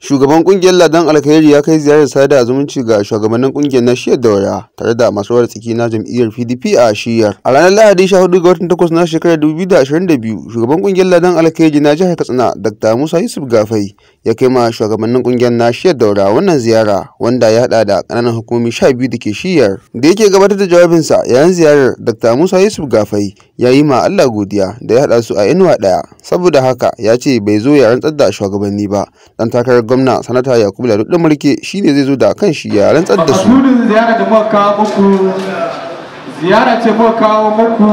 Shugaban kungiyar Ladan Alkhairi ya kai ziyarar sada zumunci ga shugabannin kungiyar na shiyar Daura tare da masu rawar tsaki na jam'iyyar PDP a shiyar. A ranar Lahadi 14 ga watan 8 na shekarar 2022, shugaban kungiyar Ladan Alkhairi na jihar Katsina Dr. Musa Yusuf Gafai ya kai ma shugabannin kungiyar na shiyar Daura wannan ziyara wanda ya hada da kananan hukumomi 12 da ke shiyar. Da yake gabatar da jawabinsa yayin ziyarar Dr. Musa Yusuf Gafai ya yi ma Allah godiya da ya hada su a inuwa daya. Saboda haka ya ce bai zo ya rantsar da shugabanni ba. Dan takarar gwamna sanata yakubu da dan mulki shine zai zo da kan shi ya rantsar da su ziyara da muka kawo muku ziyara ce muka kawo muku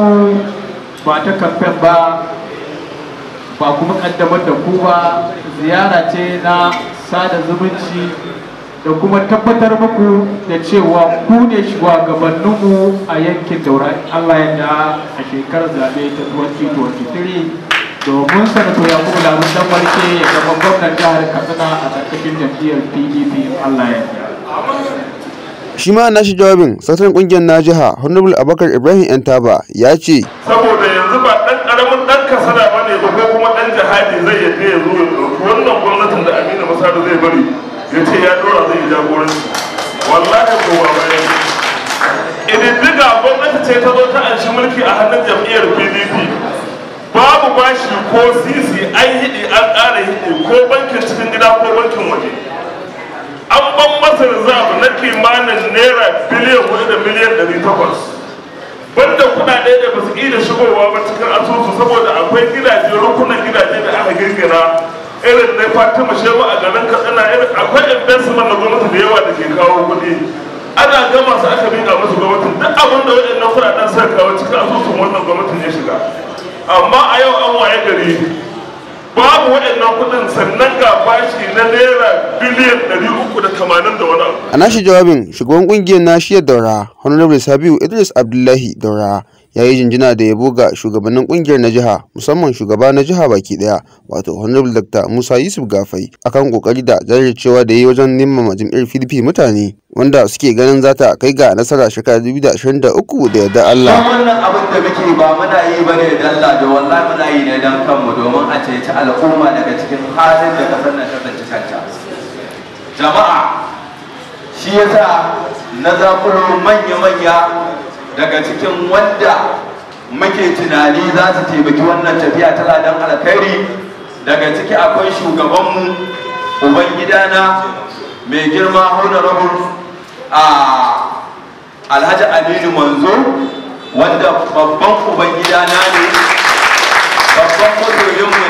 ba ta kamfen ba ba kuma kaddamar da ku ba ziyara ce na sada zumunci da kuma tabbatar muku da cewa ku ne shugabanninmu a yankin daura Allah ya da a shekarar zaɓe ta 2023 domin sanata ya kuma lamun dan warke ya zama gwamnan jihar katsina a ƙarƙashin jam'iyyar pdp allah ya shi ma nashi jawabin sakataren kungiyar na jiha honorable abakar ibrahim yan taba ya ce saboda yanzu ba dan karamin dan kasada ba ne ba ko kuma dan jihadi zai ya je ya ɗauki wannan gwamnatin da amina masaru zai bari ya ce ya dora zai yi jagoranci wallahi ko ba bayan ididdiga gwamnati ce ta zo ta anshi mulki a hannun jam'iyyar pdp babu bashi ko sisi an hidi an ƙara hidi ko bankin cikin gida ko bankin waje an ban masa reserve na kimanin naira biliyan hudu da miliyan ɗari takwas banda kuɗaɗe da ba su iya shigowa ba cikin asusu saboda akwai gidaje rukunan gidaje da aka girgira irin na fatima shehu a garin katsina irin akwai investment na gwamnati da yawa da ke kawo kuɗi ana gama su aka miƙa musu gwamnati duk abin da waɗannan kuɗaɗen suka kawo cikin asusun wannan gwamnatin ya shiga amma a yau an waye gari babu waɗannan kuɗin sannan ga bashi na naira biliyan tamanin da wani abu a nashi jawabin shugaban ƙungiyar nashiyar daura honorable sabiu idris abdullahi daura ya yi jinjina da yabo ga shugabannin kungiyar na jiha musamman shugaba na jiha baki daya wato honorable dr musa yusuf gafai akan kokari da jajircewa da yi wajen neman jam'iyyar pdp mutane wanda suke ganin za ta kai ga nasara shekara 2023 da yadda Allah. wannan abin da muke ba muna yi ba ne da Allah da wallahi muna yi ne don kanmu domin a ceci al'umma daga cikin halin da kasar nan ta tsanci kanta. Jama'a shi yasa na zakuro manya-manya daga cikin wanda muke tunani za su taimaki wannan tafiya ta ladan alkhairi daga ciki akwai shugabanmu ubangidana mai girma honorable a alhaji aminu manzo wanda babban ubangidana ne babban masoyinmu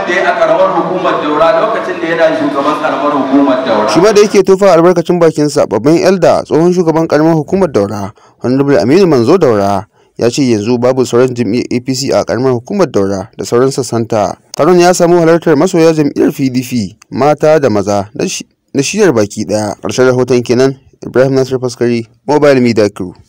shuba da ya a hukumar daura lokacin da yana shugaban karamar hukumar daura shi yake tufa albarkacin bakin sa babban elda tsohon shugaban karamar hukumar daura honorable aminu manzo daura ya ce yanzu babu sauran jam'iyyar apc a karamar hukumar daura da sauran sassanta taron ya samu halartar masoya jam'iyyar pdp mata da maza na shiyar baki daya ƙarshen rahoton kenan ibrahim nasir faskari mobile media crew